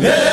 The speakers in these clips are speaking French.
Yeah.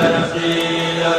Merci le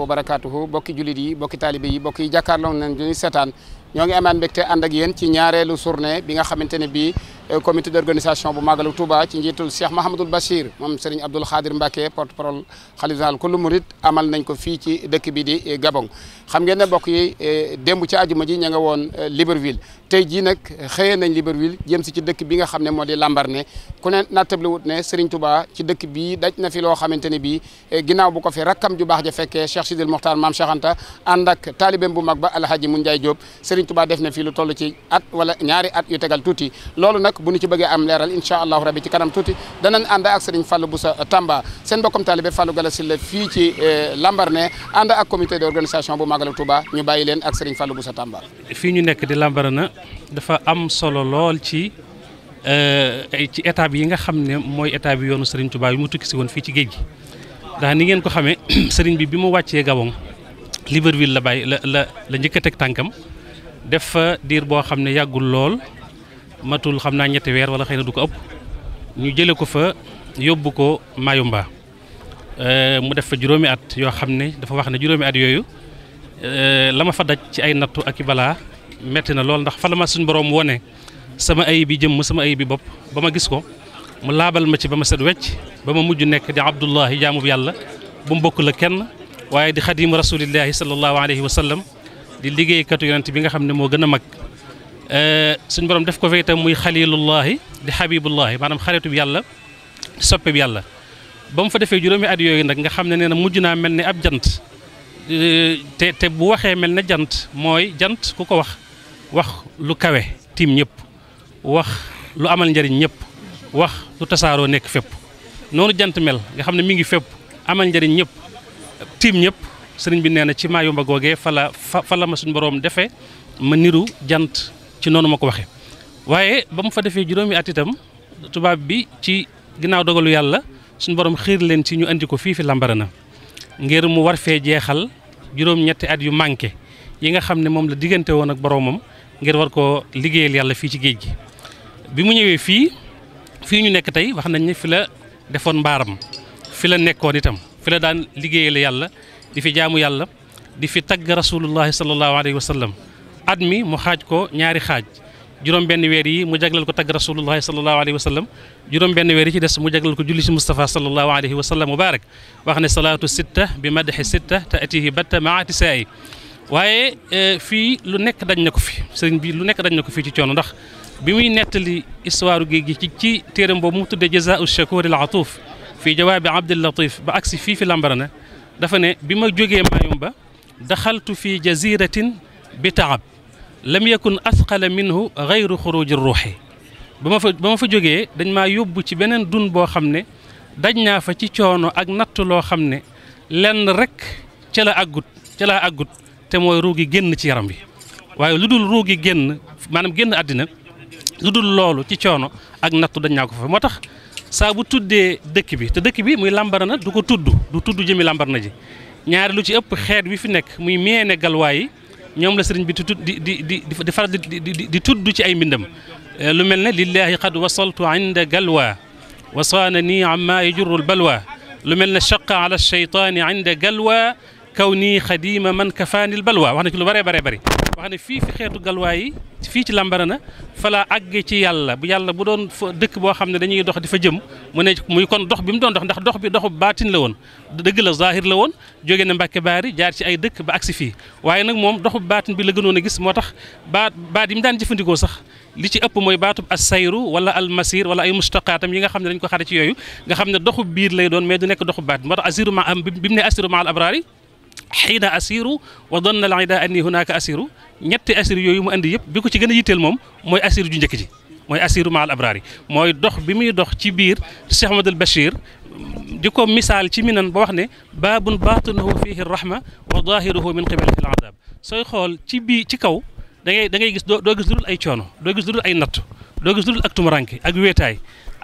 wa barakaatuhu bokki jullit yi bokki taalibe yi bokki jàkkaarloo nañ ñu seetaan ñoo ngi amaan mbégte ànd ak yéen ci ñaareelu journée bi nga xamante ne bii euh, comité d' organisation bu Magalu tuba ci njiitul Cheikh Mahamadul Bachir moom Serigne Abdoul Khadir Mbacke porte parole xalif général kullu murid amal nañ ko fii ci dëkk bi di euh, Gabon xam ngeen ne bokk yi euh, démb ci àjjuma ji ña nga woon Libreville tey jii nag xëyee nañ Libreville jëm si ci dëkk bi nga xam ne moo di Lambaréné ku ne nattable wut ne Serigne Touba ci dëkk bii daj na fi loo xamante ne bii eh, ginnaaw bu ko fi rakkam ju baax ja fekkee Cheikh Sidil Mokhtar maam Cheikh Anta ànd ak taalibeem bu mag ba Alhaji Mu Njaay Jóob Serigne Touba def na fi lu toll ci at wala ñaari at yu tegal tuuti loolu nag bu ñu ci bëggee am leeral incha allahu rabi ci kanam tuuti danañ ànd ak Serigne Fallou Boussa Tamba seen bokkam taalibe Fallou Galasil la fii ci eh, Lambaréné ànd ak comité d'organisation bu Magalu Touba ñu bàyyi leen ak seriñ Serigne bu sa Tamba. fii ñu nekk di Lambaréné dafa am solo lool ci. Euh, ci état yi nga xam ne mooy état bi yoonu Serigne Touba yi mu tukki si woon fii ci géej gi ndax ni ngeen ko xamee sëriñ bi bi mu wàccee Gabon Libreville la bàyyi la la la njëkk tànkam def fa diir boo xam ne yàggul lool matul xam naa ñetti weer wala xëy na du ko ëpp ñu jële ko fa yóbbu ko Mayumba euh, mu def fa juróomi at yoo xam ne dafa wax ne juróomi at yooyu euh, la ma fa daj ci ay nattu ak i balaa metti na lool ndax fa la ma suñu borom wone sama ay bi jëm sama ay bi bop bama gis ko mu label ma ci bama set wetch bama muju nek di abdullah jamu yàlla bu mbok la kenn waye di khadim rasulillah sallallahu alayhi wasallam di liggey katu yonent bi nga xamne mo gëna mag euh suñu borom def ko fe itam muy khalilullah di habibullah manam khalitu bi yàlla soppe bi yàlla bam fa defé juromi at yoy nak nga xamne neena muju na melni ab jant te te bu waxe mel jant moy jant kuko wax wax lu kawe tim ñëpp wax lu amal njariñ ñëpp wax lu tasaaroo nekk fépp noonu jant mel nga xam ne mi ngi fépp amal njariñ ñëpp tiim ñëpp sëriñ bi nee na ci maayomba googee fa la fa la ma suñu boroom defee ma niru jant ci noonu ma ko waxee waaye ba mu fa defee juróomi at itam tubaab bi ci ginnaaw dogalu yàlla suñu borom xiir leen ci ñu indi ko fii fi na ngir mu war fee jeexal juróom-ñetti at yu manqué yi nga xam ne moom la diggante woon ak boroomam ngir war koo liggéeyal yàlla fii ci géej gi bi mu ñëwee fi fii ñu nekk tay wax nañ ni fi la defon mbaram fi la nekkon itam fi la daan liggéeyal yàlla di fi jaamu yàlla di fi tag rasulullah sallallahu alayhi wasallam admi mu xaj ko ñaari xaj juróom benn weer yi mu jaglal ko tag rasulullah sallallahu alayhi wasallam sallam juróom benn weer yi ci des mu jaglal ko julli ci mustafa sallallahu alayhi wasallam mubarak wax ne salatu sitta bi madaxi sitta taatihi batta maati sa'i waye fi lu nekk dañ na ko fi serigne bi lu nekk dañ na ko fii ci coono ndax bi muy nettali histoire géej gi ci ci téeram boobu mu tudde jazaau shakur al atuf fii jawaabi abdul latif ba agsi fii fi lambarana dafa ne bi ma jógee Mayumba daxaltu fi jaziratin bi taab lam yakun asqala minhu gayru xuruji ruuxi ba ma fa ba ma fa jógee dañ maa yóbbu ci beneen dun boo xam ne daj naa fa ci coono ak natt loo xam ne lenn rek ca la àggut ca laa àggut te mooy ruugi génn ci yaram bi waaye lu dul ruugi génn maanaam génn àddina lu lolu ci coono ak nattu dañ ñako ko fa moo tax bu tuddé dëkk bi te dëkk bi muy lambarna du ko tuddu du tuddu jëmi lambarna ji ñaar lu ci ëpp xeet wi fi nek muy meene galway yi ñoom la sëriñ bi di di di di faral di di tudd ci ay mbindam lu mel lillahi qad wasaltu inda galwa wasaana nii amma yajurru lbalwa lu mel ne chaqa ala alcheytaani inda galwa كوني خديمة من كفاني البلوى وانا كل بري بري بري وانا في في خيط قلواي في تي لامبرنا فلا اجيتي يالا يالا بودون دك بو خامن دا نيي دوخ دي فجم مو نيك مو يكون دوخ بيم دون دوخ ندخ دوخ بي دوخ باتين لون دغ لا ظاهر لون جوغي نا مباك باري جار سي اي دك با اكسي في واي نك موم دوخ باتين بي لا غنونا غيس موتاخ بات بات يم دان جيفنديكو صاح li ci ëpp mooy baatub as sayru wala al masir wala ay mustaqatam yi nga xam ne dañ ko xare ci yooyu nga xam ne doxu biir lay doon mais du nekk doxu baat moo tax asiru ma am bi mu ne asiru ma al abrari حين أسير وظن العداء أني هناك أسير نيت أسير يوم أندي يب بيكو تي غن ييتال موم موي أسير جو نجاكي موي أسير مع الأبرار موي دوخ بيمي دوخ تي بير الشيخ أحمد البشير ديكو مثال تي مينن با وخني باب باطنه فيه الرحمه وظاهره من قبله العذاب سوي خول تي بي تي كاو داغي داغي غيس دو غيس دول اي تيونو دو غيس دول اي نات دو غيس دول اك تومرانكي اك ويتاي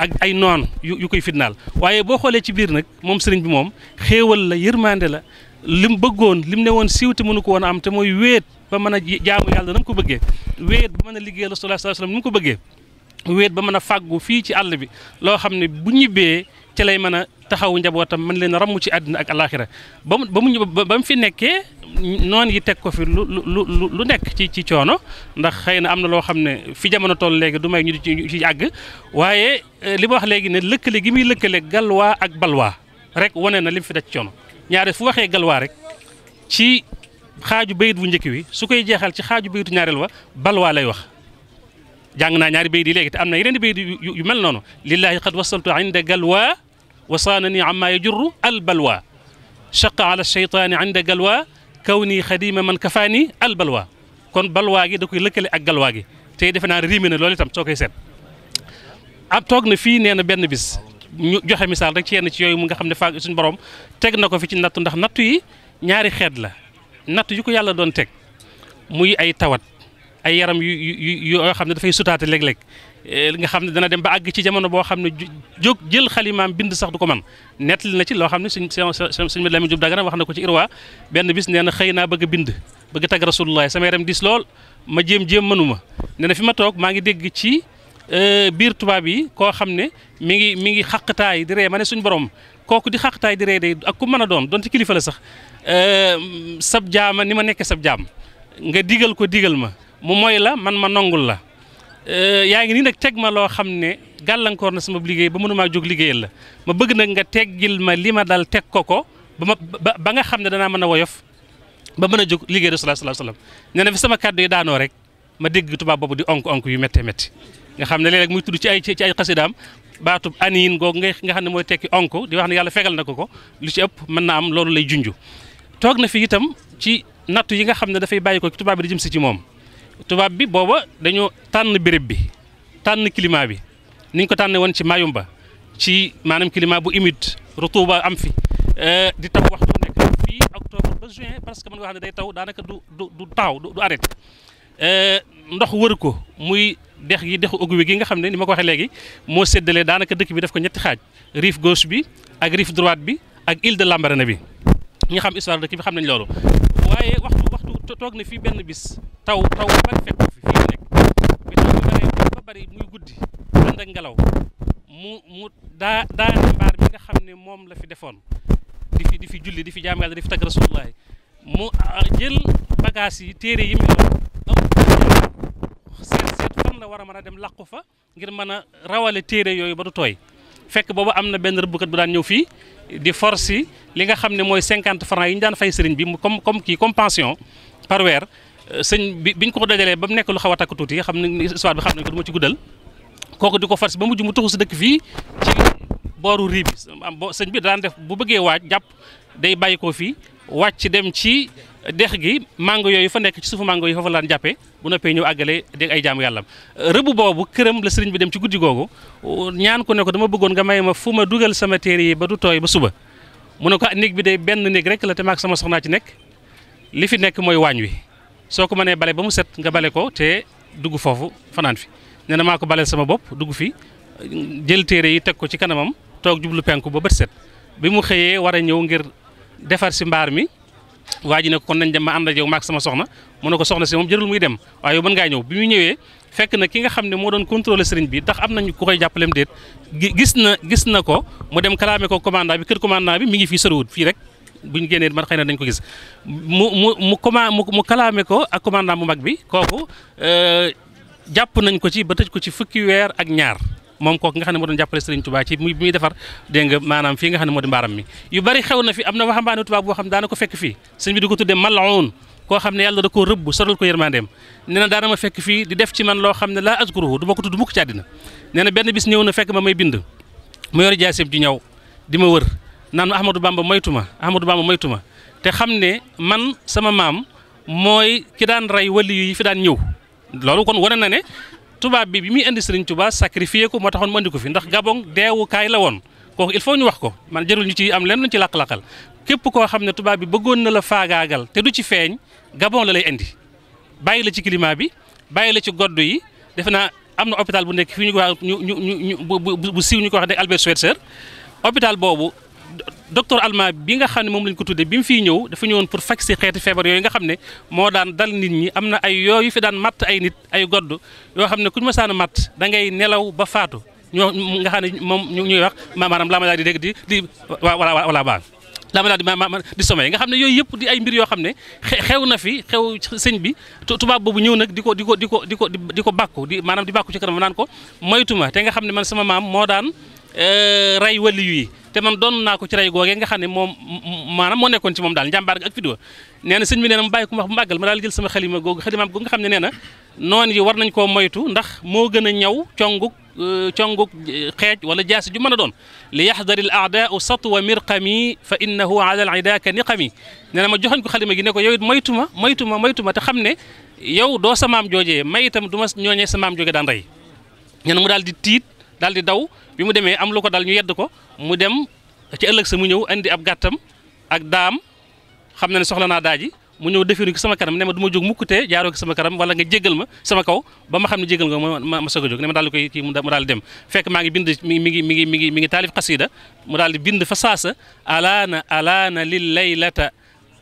ak ay non yu koy fitnal waye bo xolé ci bir nak mom serigne bi mom li mu bëggoon li mu ne woon siiw te mënu ko woon am te mooy wéet ba mën a jaamu yàlla na mu ko bëggee wéet ba mën a liggéeyal Rasulullah sallallahu mu ko bëggee wéet ba mën a fàggu fii ci àll bi loo xam ne bu ñibbee ci lay mën a taxawu njabootam mën leen ramu ci àddina ak alaxira ba mu ba mu ba mu fi nekkee noon yi teg ko fi lu lu lu nekk ci ci coono ndax xëy na am na loo xam ne fi jamono toll léegi du may ñu di ci àgg waaye eh, li ma wax léegi ne lëkkale gi muy lëkkale galwaa ak balwaa rek wane na lim fi daj coono. ñaare fu waxe galwaa rek ci xaju beyit bu njëkk wi su koy jéxal ci xaju bayitu ñaarel wa balwa lay wax jàng na ñaari beyit yi léegi te am yeneen beyit yu mel nonu lillahi qad wasaltu inda galwa wasaanani amma yajru al balwa shaqa ala shaytan inda galwa kawni khadima man kafani al balwa kon balwa gi da koy lekkeli ak galwa gi tay defena rimina lolitam na set ab tok na fi neena ben bis ñu joxe misaal rek ci yenn ci yooyu mu nga xam ne faag suñu borom teg na ko fi ci nattu ndax nattu yi ñaari xeet la nattu yu ko yàlla doon teg muy ay tawat ay yaram yu yu yoo xam ne dafay sutaate léeg-léeg eh, nga xam ne dana dem ba àgg ci jamono boo xam ne jóg jël xalimaam bind sax du ko man nettali na ci loo xam ne suñ suñ ma Lamin Jub Dagana wax na ko ci irwa benn bis nee na xëy naa bëgg a bind bëgg tag rasulullah sama yaram dis lool ma jéem-jéem mënuma nee ma Euh, biir tubaab yi koo xam ne mi ngi mi ngi xaqtaay di ree ma ne suñu borom kooku di xaqtaay di ree day ak ku mën a doon donte kilifa la sax euh, sab jaama ni ma nekke sab jaam nga digal ko digal ma mu mooy la man ma nongul la euh, yaa ngi nii nag teg ma loo xam ne gàllankoor na sama liggéey ba mënumaa jóg liggéeyal la ma bëgg nag nga teggil ma li ma dal teg ko ko ba ma ba nga xam ne danaa mën a woyof ba mën a jóg liggéey Rasulullah sallallahu alayhi wasallam nee na fi sama kàddu yi daanoo rek ma dégg tubaab boobu di onk onk yu méttee métti nga xam ne léeg-léeg muy tudd ci ay ci ay xasidaam baatub aniin googu nga nga xam ne mooy tekki onk di wax ne yàlla fegal na ko ko lu ci ëpp mën naa am loolu lay junj toog na fi itam ci nattu yi nga xam ne dafay bàyyi ko ci tubaab bi di jëm si ci moom tubaab bi booba dañoo tànn béréb bi tànn climat bi niñ ko tànne woon ci ba ci maanaam climat bu humide rutuba am fi euh, di taw waxtu nekk fii octobre ba juin parce que mën nga xam ne day taw daanaka du du du taw euh, ndox dex gi dexu Ogooué gi nga xam ne ni ma ko waxee léegi moo séddale daanaka dëkk bi def ko ñetti xaaj rive gauche bi ak rive droite bi ak île de Lambaréné bi ñi xam histoire dëkk bi xam nañ loolu. waaye waxtu waxtu toog na fii benn bis taw taw bu bari fekk fi fii nekk bi taw bari muy guddi ànd ngelaw mu mu daa mbaar bi nga xam ne moom la fi defoon di fi di fi julli di fi jaam yàlla di fi tagg Rasulullah mu ah, jël bagage yi téere yi mu nga war a mën a dem làqu fa ngir mën a rawale téere yooyu ba du tooy fekk boobu am na benn rëbbkat bu daan ñëw fii di force li nga xam ne mooy cinquante francs yi ñu daan fay sëriñ bi mu comme comme kii comme pension par weer euh, sëñ bi biñ ko ko dajalee ba mu nekk lu xaw a takk tuuti xam ne histoire bi xam nañ ko du ci guddal kooku di ko force ba mujj mu tuxu si dëkk fii ci booru riib bi sëñ bi daan def bu bëggee waaj jàpp day bàyyi ko fii wàcc dem ci dex gi mango yooyu fa nekk ci suufu mango yi foofu laan jàppee bu noppee ñëw àggale dégg ay jaamu yàllam rëbb boobu këram la sëriñ bi dem ci guddi googu ñaan ko ne dama bëggoon nga may ma fu ma dugal sama téere yi ba du tooy ba suba mu ne ko ah, néeg bi day benn néeg rek la te maag sama soxnaa ci nekk li fi nekk mooy waañ wi soo ko mënee bale ba mu set nga bale ko te dugg foofu fanaan fi nee maa ko baleel sama bopp dugg fi jël téere yi teg ko ci kanamam toog jublu penku ba set bi mu xëyee war a ñëw ngir defar si mbaar mi waa ji ne kon nañ dem ma ànd ak yow maak sama soxna mu ne ko soxna si moom jërul muy dem waaye yow mën ngaa ñëw bi muy ñëwee fekk na ki nga xam ne moo doon contrôler sëriñ bi ndax am nañ ko koy jàppaleem déet gis na gis na ko mu dem kalaame ko commandant bi kër commandant bi mi ngi fii soriwut fii rek bu ñu génnee na dañ ko gis mu mu mu comma mu kalaame ko ak commandant bu mag bi kooku euh, jàpp nañ ko ci ba tëj ko ci fukki weer ak ñaar moom kooku nga xam ne moo doon jàppale Serigne Touba ci bi muy defar dégg nga maanaam fii nga xam ne moo di mbaaram mi yu bari xew na fi am na waxambaane Touba boo xam daana fekk fii sëñ bi di ko tuddee mal'un xam ne yàlla da koo rëbb soral ko yërmandeem nee na fekk fii di def ci man loo xam ne laa azkuruhu du ma ko tudd mukk ci àddina na benn bis ñëw na fekk ma may bind mu yor jaaseem ji ñëw di ma wër naan ma Ahmadou Bamba moytuma te xam ne man sama maam mooy ki daan rey wali yi fi daan ñëw tubaab bi bi muy indi Serigne tubaa sacrifié ko moo taxoon mu indi ko fi ndax Gabon deewukaay la woon kooku il faut ñu wax ko man jërul ñu ci am lenn luñ ci laq-laqal képp koo xam ne tubaab bi bëggoon na la faagaagal te du ci feeñ Gabon la lay indi bàyyi la ci climat bi bàyyi la ci goddu yi def naa am na hôpital bu nekk fi ñu ko wax ñu ñu ñu bu siiw ñu ko wax ne Albert Schweitzer hôpital boobu docteur Alma bi nga xam ne moom lañ ko tuddee bi mu fiy ñëw dafa ñëwoon pour faj si xeeti feebar yooyu nga xam ne moo daan dal nit ñi am na ay yooyu fi daan matt ay nit ay godd yoo xam ne ku ñu masaan a matt da ngay nelaw ba faatu ñoo nga xam ne moom ñu ñuy wax maanaam laa ma daal di dégg di di wala wala baan laa ma daal di ma di sommeil nga xam ne yooyu yëpp di ay mbir yoo xam ne xew na fi xew sëñ bi tubaab boobu ñëw nag di ko di ko di ko di ko di ko bàkku di maanaam di bàkku ci kanam naan ko moytu ma te nga xam ne man sama maam moo daan ray waliyu yi te man don na ko ci ray gogé nga xamné mom manam mo nekkon ci mom dal jambar ak fido néna sëñ bi néna mu bàyyi ko wax magal ma dal jël sama xalima gogu xalimaam gogu nga xamné néna non yi war nañ ko moytu ndax mo gëna ñaw ciongu ciongu xéj wala jass ju mëna don li yaxdari al a'da' satwa mirqami fa innahu ala al ka niqami néna ma joxoñ ko xalima gi néko yow it moytuma moytuma te xamné yow doo samaam joojee may itam duma ñoñé sama am jogé dan ray nee mu dal di tite daal di daw bi mu demee am lu ko dal ñu yedd ko mu dem ci ëllëg sa mu ñëw indi ab gàttam ak daam xam na ne soxla naa daaji mu ñëw defiru ko sama kanam ne ma du jóg mukkutee jaaroo ko sama kanam wala nga jégal ma sama kaw ba ma xam ne jégal nga ma ma soog jóg ne ma koy kii mu daal dem fekk maa ngi bind mi ngi mi ngi mi ngi mi ngi taalif xasida mu daal di bind fa saasa alaana alaana lil laylata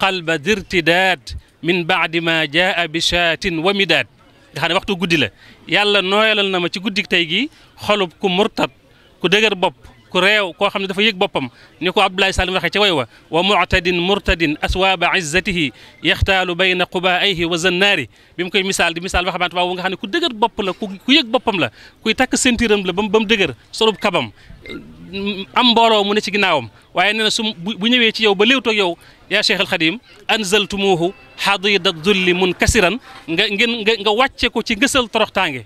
qalba dirtidaad min baadi ma jaa bi shaatin wa midaad nga xam yàlla nooyalal na ma ci guddik tey gii xolub ku murtat ku dëgër bopp ku réew koo xam ne dafa yëg boppam ni ko Abdoulaye Salim waxee ca way wa wa mu'tadin murtadin aswaaba izzatihi yaxtaalu bayna qubaayhi wa zannaari bi mu koy misaal di misaal wax baant waaw nga xam ne ku dëgër bopp la ku ku yëg boppam la kuy takk sentiram la ba mu ba mu dëgër solub kabam am mbooloo mu ne ci ginnaawam waaye nee na su bu ñëwee ci yow ba léewtoog yow yaa Cheikh al Xadim anzaltumuhu xadida dulli munkasiran nga ngeen nga nga wàcce ko ci ngësal toroxtaange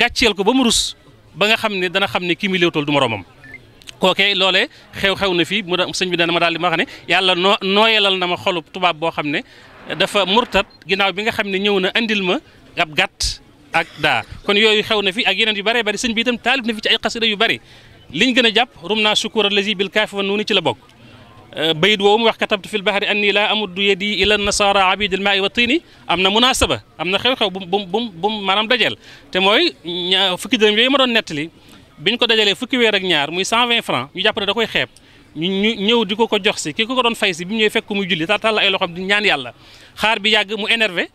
gàcceel ko ba mu rus ba nga xam ne dana xam ne kii mi léewtool du moroomam kookee loolee xew-xew na fii mu sëñ bi dana ma daal di ma wax ne yàlla noo nooyalal na ma xolub tubaab boo xam ne dafa murtat ginnaaw bi nga xam ne ñëw na andil ma ab gàtt ak daa kon yooyu xew na fi ak yeneen yu bëree bëri sëñ bi itam taalib na fi ci ay xasida yu bëri liñ gën a jàpp rum naa sukuur allazi bil kaafi wa nuuni ci la bokk بيد وامي كتبت في البحر اني لا امد يدي الى النصارى عبيد الماء والطين امنا مناسبه امنا خيوخ بوم بوم بوم مانام دجال تي موي فكي درهم يي ما دون نيتلي بين كو دجالي فكي وير اك نيار موي 120 فران ني جابري داكوي خيب ني ديكو كو جوخ سي كيكو دون فايسي بيم نيو فك مو جولي تا تال اي لوخم دي نيان يالا خار بي ياغ مو انيرفي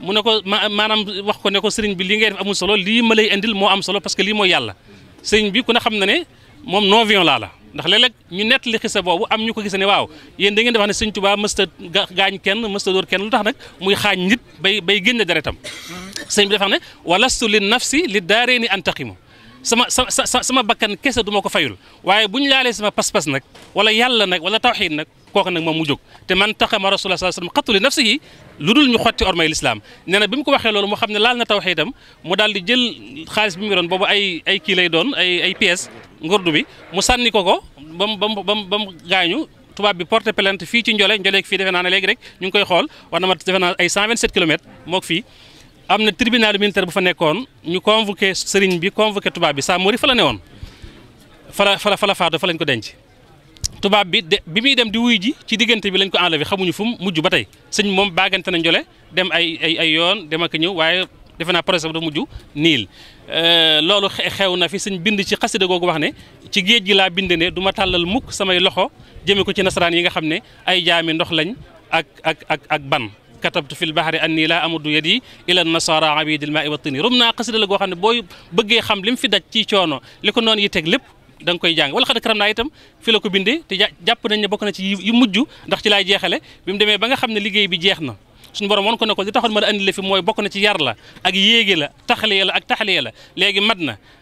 مو نكو مانام واخ كو نكو سيرين بي لي غي امو سولو لي مالاي انديل مو ام سولو باسكو لي مو يالا سيرين بي كو خامنا ني موم نوفيون لا لا ndax léeg-léeg ñu li xisse bobu am ñuko gisse ne waaw yéen da ngeen def wax ne sëñ Tuubaa mësta gañ kenn mësta dóor kenn lutax nak muy xañ nit bay bay génne deretam seigne bi dafa ne walastu lin nafsi lidareni antaqimu sama sama sama bakkan kessa duma ko fayul waye buñ laalé sama pass pass nak wala yàlla nak wala tawhid nak kooku nak moom mu jóg te man taxama rasulullah sallallahu alaihi wasallam xattu nafsihi ludul ñu xotti ormay l'islam neena bimu ko waxe lolu mu xamne laal na tawhidam mu daldi jël xaaliss bimu mu bobu ay ay ki lay doon ay ay pièces ngurdu bi mu sànni ko ko ba mu ba mu ba mu gaañu tubaab bi porte plainte fii ci njole Ndiolé fii defe naa ne léegi rek ñu ngi koy xool war na ma defe naa ay 127 kilomètres mook fii am na tribunal militaire bu fa nekkoon ñu convoqué sëriñ bi convoqué tubaab bi saa mori fa la ne woon fa la fa fa fa lañ ko denc. tubaab bi de bi muy dem di wuy ji ci diggante bi lañ ko enlevé xamuñu fu mu mujj ba tey sëñ moom baagante na Ndiolé dem ay ay ay yoon dem ak ñëw defena projet bu muju nil euh, lolu xewna fi suñ bind ci qasida gogu wax ne ci geej gi la bind ne duma talal mukk samay loxo jeme ko ci nasran yi nga xamne ay jami ndox lañ ak ak ak ak ban كتبت في البحر اني لا امد يدي الى النصارى عبيد الماء والطين رمنا قصد لا خاني بو بغي خام لم في داج تي تيونو ليكو نون يتك لب دنج كوي جان ولا خد كرمنا ايتام في لاكو بيندي تي جاب نني بوكنا تي يمجو داخ تي لاي جيهخله بيم ديمي باغا خامني ليغي بي جيهخنا suñu borom woon ko ne ko li taxoon ma la andi la fi mooy bokk na ci yar la ak yéege la taxaliya la ak taxaliya la léegi mat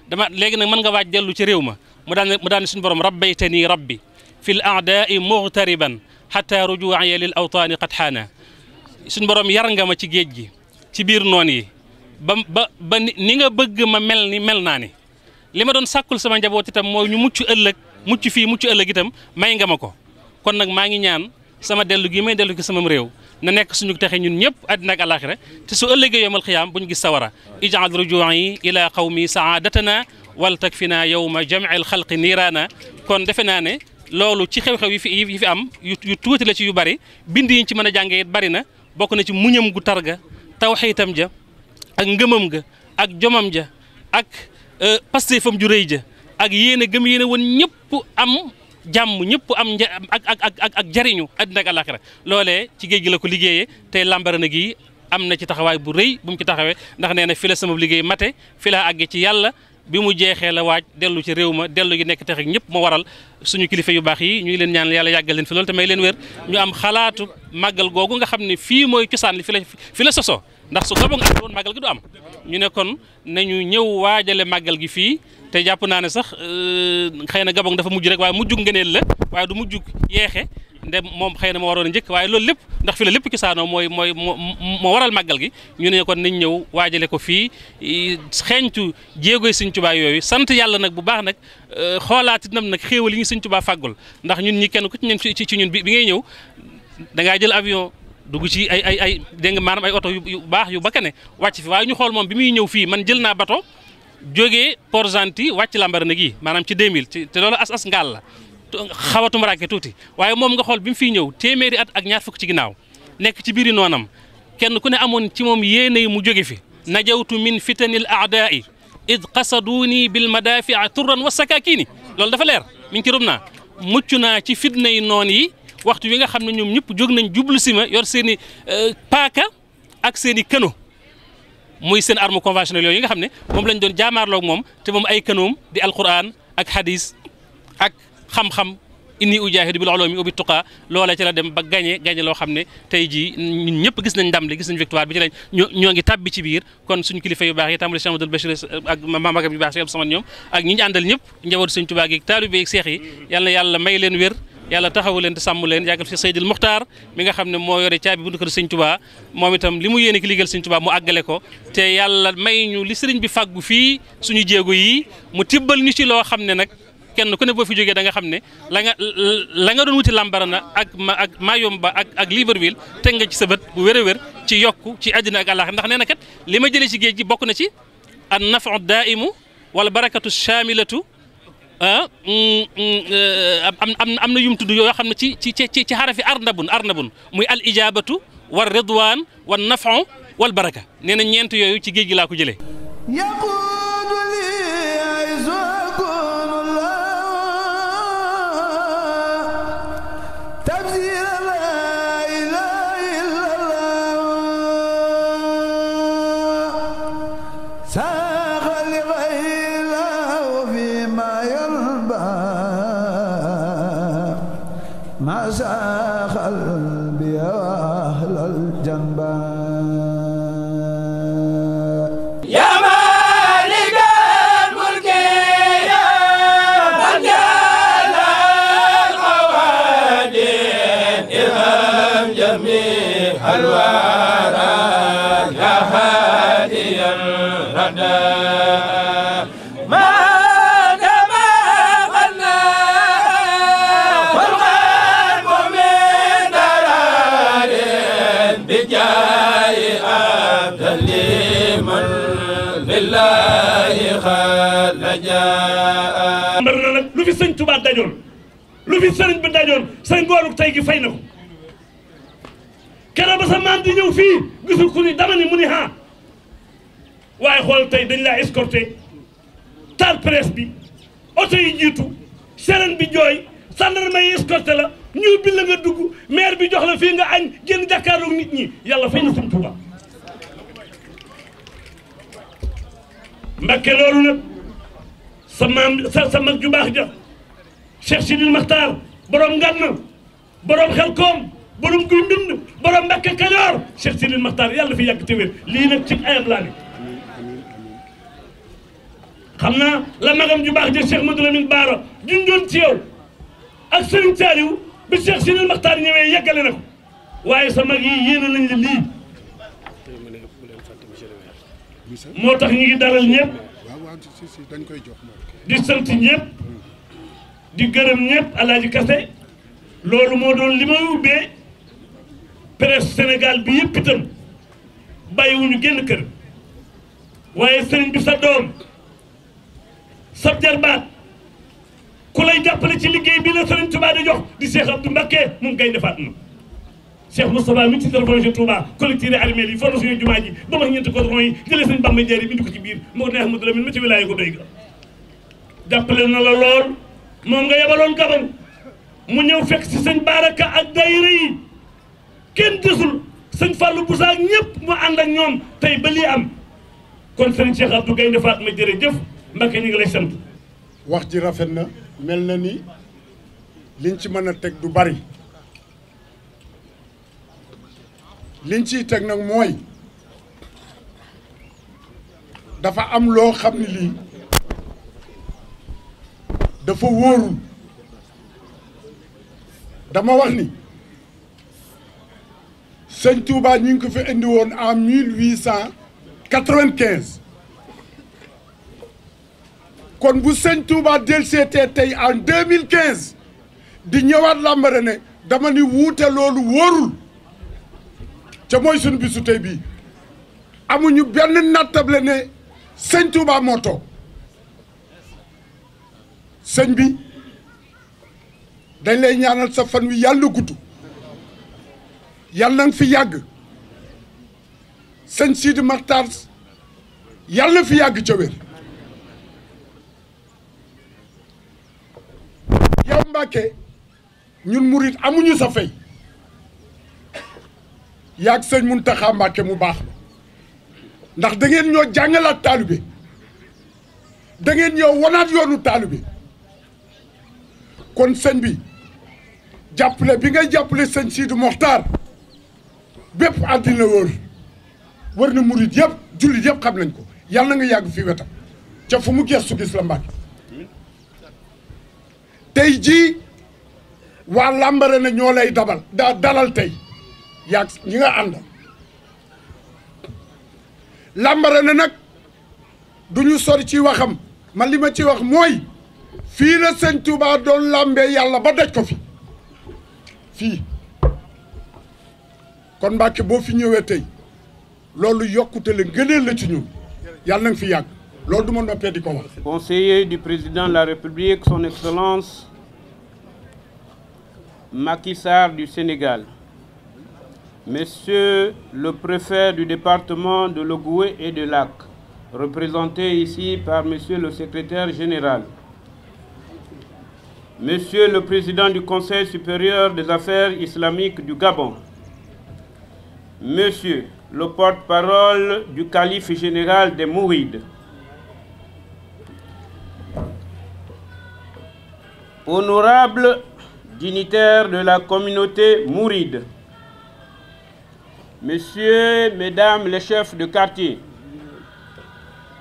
dama léegi nag mën nga waaj dellu ci réew ma mu daan mu daan suñu borom rabbaytani rabbi fi l aadaai muhtariban xata rujuaya lil awtaani qad xaana suñu borom yar nga ma ci géej gi ci biir noon yi ba ba ba ni nga bëgg ma mel ni mel naa ni sama njaboot itam mooy ñu mucc ëllëg mucc fii mucc ëllëg itam may nga ma kon nag maa ngi ñaan sama dellu gi may dellu ci sama réew na nek suñu taxé ñun ñëpp adina ak alakhira te su ëllëgë yomal xiyam buñu gis sawara ij'al ruju'i ila qawmi saadatana wal takfina yawma jam'il xalqi nirana kon defena ne loolu ci xew-xew yi fi yi fi am yu tuuti la ci yu bari bind yi ci mëna jàngé jàngee it bari na bokku na ci muñëm gu targa tawxiitam ja ak ngëmëm ga ak jomam ja ak pastefam ju rëy ja ak yene gëm yene won ñëpp am jàmm ñëpp am nja ak ak ak ak jariñu àddina ak àllaaxira loole ci géej gi la ko liggéeyee tey Lambaréné gi am na ci taxawaay bu rëy bu mu ci taxawee ndax nee na fi la sama liggéey mate fi laa àgge ci yàlla bi mu jeexee la waaj dellu ci réew ma dellu gi nekk tex ak ñëpp ma waral suñu kilifa yu baax yi ñu ngi leen ñaan yàlla yàggal leen fi loolu te leen wér ñu am xalaatu màggal googu nga xam ne fii mooy cosaan li fi la fi la sosoo ndax su dobo nga woon màggal gi du am ñu ne kon nañu ñëw waajale màggal gi fii te jàpp naa ne sax euh, xëy na gabon dafa mujj rek waaye mujjug ngëneel la waaye du mujjug yeexe nde moom xëy na moo waroon a njëkk waaye loolu lépp ndax fi la lépp ci saanoo mooy mooy moo waral màggal gi ñu ne kon nañ ñëw waajale ko fii xeeñtu jéegoy Sëñ Tuubaa yooyu sant yàlla nag bu baax nag euh, xoolaati nam nag xéewal yi ñu Sëñ Tuubaa fàggul ndax ñu ñi kenn ku ci ñun ci ñun bi bi ngay ñëw dangaa dugg ci ay ay ay dégg nga maanaam ay oto yu baax yu bakkane wàcc fi waaye ñu xool moom bi muy ñëw fii man jël naa bato jógee Port-Gentil wàcc Lambaréné gii maanaam ci 2000 ci te loolu as as ngaal la xawatum raake tuuti waaye moom nga xool bi mu fiy ñëw téeméeri at ak ñaar fukk ci ginnaaw nekk ci biiri noonam kenn ku ne amoon ci moom yéene yi mu jóge fi najawtu min fitanil aadaai id qasaduuni bil madafia turran wa sakakini loolu dafa leer min ngi ci naa mucc naa ci fitna yi noon yi waxtu wi nga xam ne ñoom ñëpp jóg nañ jublu si ma yor seeni euh, paaka ak seen i kano muy seen arme conventionnelle yooyu nga xam ne moom lañ doon jaamaarloog moom te moom ay kanoom di alquran ak hadis ak xam-xam inni ujaahidu bil ulumi wa bit tuqa loola ci la dem ba gagné gagné loo xam ne tey jii ñun ñëpp gis nañ ndam li gis nañ victoire bi ci lañ ñoo ngi tabbi ci biir kon suñ kilifa yu baax yi tàmbali Cheikh Amadou Bachir ak maamagam yu baax Cheikh Abdou Samad ñoom ak ñi ñu àndal ñëpp njabootu Sëñ Tuubaa gi taalibe yi yi yàlla yàlla may leen wér yàlla taxawu len di sàmm len yagal fi Seydil Muxtaar mi nga xamne mo moo yore caabi bu kër Sëñ touba moom itam li mu ki liggéeyal Sëñ touba mu agale ko te yàlla may ñu li sëriñ bi fàggu fi suñu jéego yi mu tibbal ñu ci lo xamne nak kenn ku ne bo fi joge da nga xamne la nga la nga doon wuti lambarana ak ma ak Mayumba ak ak liverville te nga ci sebet bu wéré wér ci yokku ci àddina ak allah ndax neena kat lima jele ci géej ji bokku na ci an nafu daimu wal barakatu shamilatu ah mm, mm, eh, am am am na yum tudd yoo xam ne ci ci ci ci xarafi arnabun arnabun muy al ijabatu war ridwan war nafon wal baraka nee na ñeent yooyu ci géej gi laa ko jëlee. casa jaa ndar na lu fi sëñ Tuubaa dajoon lu fi sëriñ bi dajoon sa ngóorug tey gi fay na ko keroog ba sa maam di ñëw fii gisul ku dama ni mu ni ha waaye xool tey dañ la escorté tar presse bi oto yi jiitu seren bi jooy sandarma yi escorté la ñu bi nga dugg maire bi jox la fii nga añ génn jàkkaarloog nit ñi yàlla fay na sëñ Tuubaa Mbakke loolu nag sa maam sa sa mag ju baax ja Cheikh Sidil Maxtaar borom Ngànn borom Xelkom borom Guy Mbind borom Mbàkke Kajoor Cheikh Sidil Maxtaar yàlla fi yàgg te wér lii nag ci ayam laa ne xam naa la magam ju baax ja Cheikh Madou Lamine Baara junjoon ci yow ak Serigne Saliou bi Cheikh Sidil Maxtaar ñëwee yeggale na ko waaye sa mag yi yéene nañ la lii moo tax ñu ngi daral ñëpp dañ koy jox di sant ñëpp di gërëm ñëpp alaaji Kase loolu moo doon li ma ubbee presse Sénégal bi yëpp itam bàyyiwuñu génn kër waaye sëriñ bi sa doom sa jarbaat ku lay jàppale ci liggéey bi la sëriñ Touba di jox di Cheikh Abdou Mbacké mu ngi koy defaat na Cheikh Moustapha mi ci seen projet Touba collectif yi formation jumaa ji ba ma ñeenti cordon yi jëlee sëriñ Bamba Ndiaye bi indi ko ci biir moo neex mu dula mi ma ci wilaay ko doy ga jàppale na la lool moom nga yebaloon Gabon mu ñëw fekk si sëñ Baraka ak daayira yi kenn desul sëñ Fallou Boussa ak ñëpp mu ànd ak ñoom tey ba lii am kon sëñ Cheikh Abdou Gaynde Fatma jërëjëf Mbacké ñu ngi lay sant. wax ji rafet na mel na ni liñ ci mën a teg du bari liñ ciy teg nag mooy dafa am loo xam ne lii. dafa wóorul dama wax ni sëñ Touba ñu ngi ko fi indiwoon woon en mille huit cent kon bu sëñ Touba delseetee tey en deux mille quinze di ñëwaat làmbare ne dama ni wuute loolu wóorul ca mooy suñu bisu tey bii amuñu benn nattable ne sëñ Touba moo toog sëñ bi dañ lay ñaanal sa fan wi yàlla gudd yàlla na fi yàgg sëñ Sidi martas yàlla fi yàgg ca wér Mbàkke ñun murit amuñu sa fay yaag sëñ Muntaxa Mbàkke mu baax ndax da ngeen ñoo jàngalaat taalibe da ngeen ñoo wanaat yoonu taalibe kon sëñ bi jàppale bi ngay jàppale sëñ Sidi Mokhtar bépp àddina wër wër na murit yëpp jullit yëpp xam nañ ko yàlla nga yàgg fi wetam ca fu mu gestu gis la Mbàkke tey jii waa làmbare na ñoo lay dabal daa dalal tey yàgg ñi nga àndal làmbare na nag du ñu sori ci waxam man li ma ci wax mooy Fille la Touba de làmbee yàlla ba daj ko fi fii kon Mbàkke bo fi tay lolu la la ci ñun yalla nang fi yag lolu du ma noppee di ko conseiller du président de la République son excellence Macky Sall du Sénégal monsieur le préfet du département de Logoué et de Lac représenté ici par monsieur le secrétaire général. Monsieur le Président du Conseil supérieur des affaires islamiques du Gabon, Monsieur le porte-parole du calife général des Mourides, honorable dignitaire de la communauté mouride, messieurs, mesdames les chefs de quartier,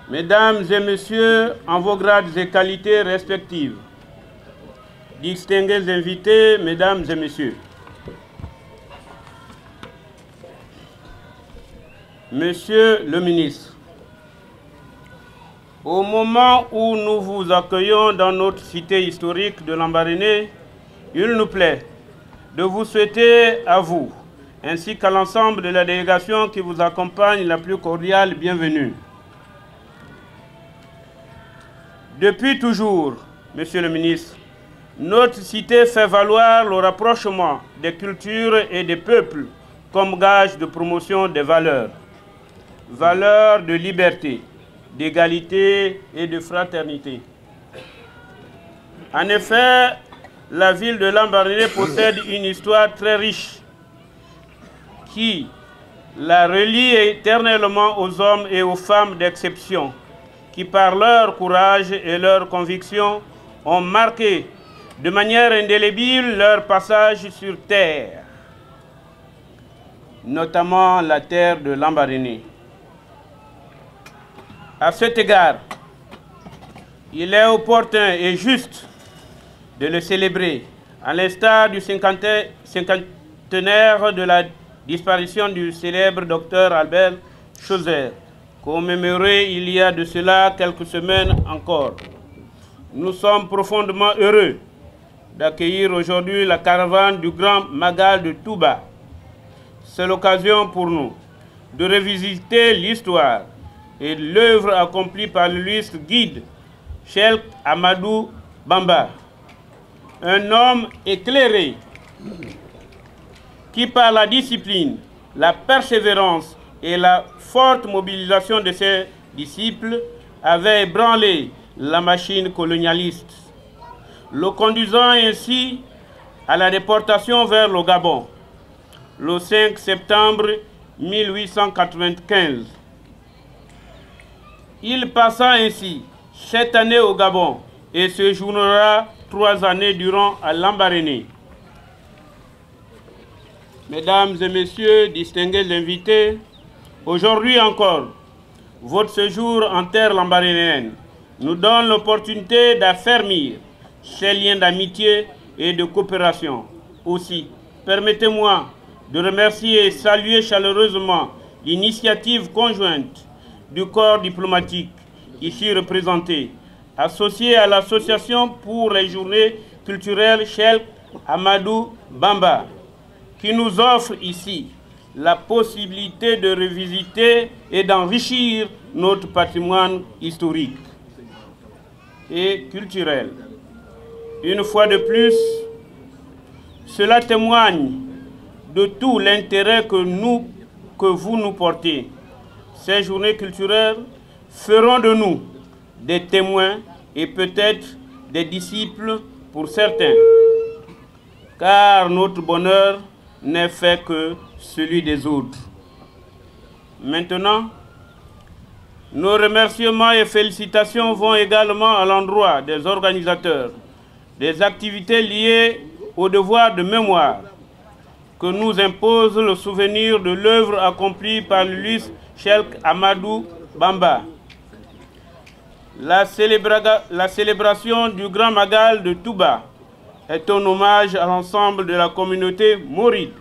mesdames et messieurs en vos grades et qualités respectives, distingués invités, mesdames et messieurs. Monsieur le ministre, au moment où nous vous accueillons dans notre cité historique de Lambaréné, il nous plaît de vous souhaiter à vous, ainsi qu'à l'ensemble de la délégation qui vous accompagne, la plus cordiale bienvenue. Depuis toujours, Monsieur le ministre, notre cité fait valoir le rapprochement des cultures et des peuples comme gage de promotion des valeurs. Valeurs de liberté, d'égalité et de fraternité. En effet, la ville de Lambaréné possède une histoire très riche qui la relie éternellement aux hommes et aux femmes d'exception qui par leur courage et leur conviction ont marqué de manière indélébile leur passage sur terre, notamment la terre de Lambaréné. À cet égard, il est opportun et juste de le célébrer, à l'instar du cinquantenaire de la disparition du célèbre docteur Albert Chauser, commémoré il y a de cela quelques semaines encore. Nous sommes profondément heureux d'accueillir aujourd'hui la caravane du Grand Magal de Touba. C'est l'occasion pour nous de revisiter l'histoire et l'œuvre accomplie par l'illustre guide Cheikh Amadou Bamba, un homme éclairé qui par la discipline, la persévérance et la forte mobilisation de ses disciples avait ébranlé la machine colonialiste le conduisant ainsi à la déportation vers le Gabon le 5 septembre 1895. Il passa ainsi sept années au Gabon et séjournera trois années durant à Lambaréné. Mesdames et messieurs, distingués invités, aujourd'hui encore, votre séjour en terre lambarénéenne nous donne l'opportunité d'affermir ces liens d'amitié et de coopération. Aussi, permettez-moi de remercier et saluer chaleureusement l'initiative conjointe du corps diplomatique ici représenté, associé à l'Association pour les journées culturelles Cheikh Amadou Bamba, qui nous offre ici la possibilité de revisiter et d'enrichir notre patrimoine historique et culturel. Une fois de plus, cela témoigne de tout l'intérêt que, nous, que vous nous portez. Ces journées culturelles feront de nous des témoins et peut-être des disciples pour certains, car notre bonheur n'est fait que celui des autres. Maintenant, nos remerciements et félicitations vont également à l'endroit des organisateurs des activités liées au devoir de mémoire que nous impose le souvenir de l'œuvre accomplie par luis Sheikh Amadou Bamba. La, célébration du Grand Magal de Touba est un hommage à l'ensemble de la communauté mouride,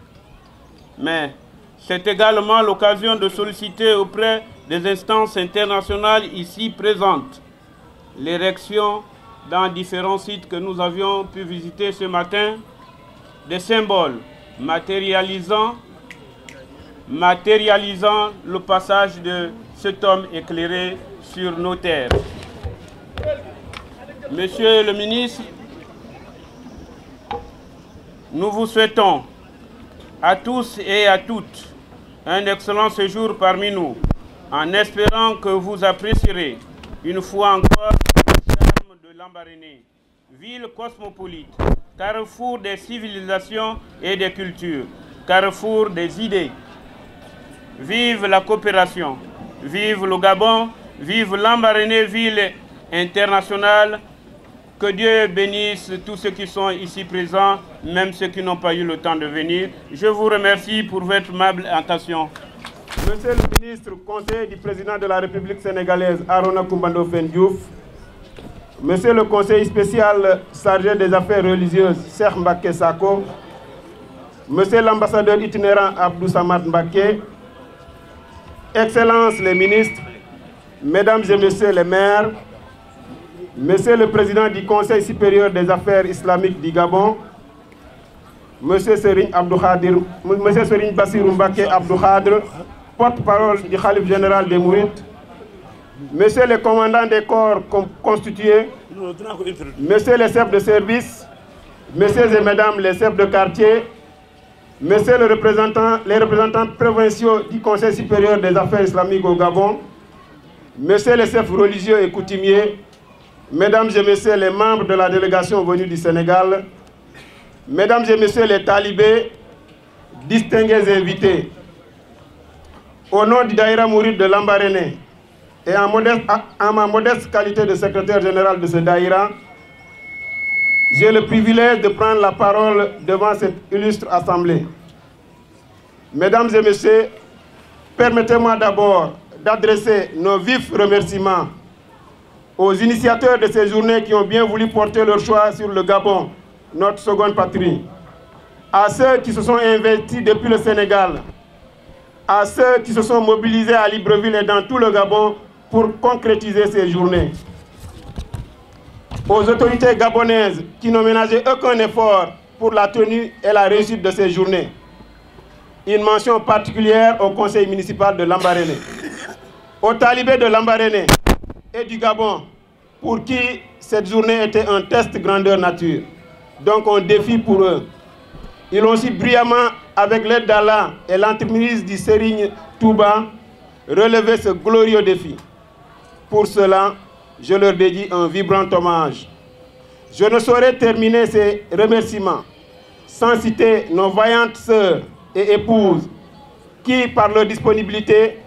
Mais c'est également l'occasion de solliciter auprès des instances internationales ici présentes l'érection dans différents sites que nous avions pu visiter ce matin, des symboles matérialisant, matérialisant le passage de cet homme éclairé sur nos terres. Monsieur le ministre, nous vous souhaitons à tous et à toutes un excellent séjour parmi nous, en espérant que vous apprécierez une fois encore Lambaréné, ville cosmopolite, carrefour des civilisations et des cultures, carrefour des idées. Vive la coopération, vive le Gabon, vive Lambaréné, ville internationale. Que Dieu bénisse tous ceux qui sont ici présents, même ceux qui n'ont pas eu le temps de venir. Je vous remercie pour votre aimable attention. Monsieur le ministre, conseiller du président de la République sénégalaise, Arona Koumbando Fendiouf, Monsieur le conseiller spécial chargé des affaires religieuses, Serge Mbaké Sako, Monsieur l'ambassadeur itinérant Abdou Samad Mbaké, Excellences les ministres, Mesdames et Messieurs les maires, Monsieur le président du Conseil supérieur des affaires islamiques du Gabon, Monsieur Serine Bassir Monsieur porte-parole du Khalif général des Mourites, Monsieur le commandant des corps constitués, Monsieur les chefs de service, Messieurs et Mesdames les chefs de quartier, Messieurs les représentants provinciaux du Conseil supérieur des affaires islamiques au Gabon, Messieurs les chefs religieux et coutumiers, Mesdames et Messieurs les membres de la délégation venue du Sénégal, Mesdames et Messieurs les talibés, distingués invités, au nom du Daïra Mourid de Lambaréné, et en, ma modeste qualité de secrétaire général de ce Daïra, j'ai le privilège de prendre la parole devant cette illustre assemblée. Mesdames et messieurs, permettez-moi d'abord d'adresser nos vifs remerciements aux initiateurs de ces journées qui ont bien voulu porter leur choix sur le Gabon, notre seconde patrie, à ceux qui se sont investis depuis le Sénégal, à ceux qui se sont mobilisés à Libreville et dans tout le Gabon pour concrétiser ces journées. Aux autorités gabonaises qui n'ont ménagé aucun effort pour la tenue et la réussite de ces journées. Une mention particulière au conseil municipal de Lambaréné, aux talibés de Lambaréné et du Gabon, pour qui cette journée était un test grandeur nature, donc un défi pour eux. Ils ont aussi brillamment, avec l'aide d'Allah et l'entreprise du Sérigne Touba, relevé ce glorieux défi. Pour cela, je leur dédie un vibrant hommage. Je ne saurais terminer ces remerciements sans citer nos vaillantes sœurs et épouses qui, par leur disponibilité,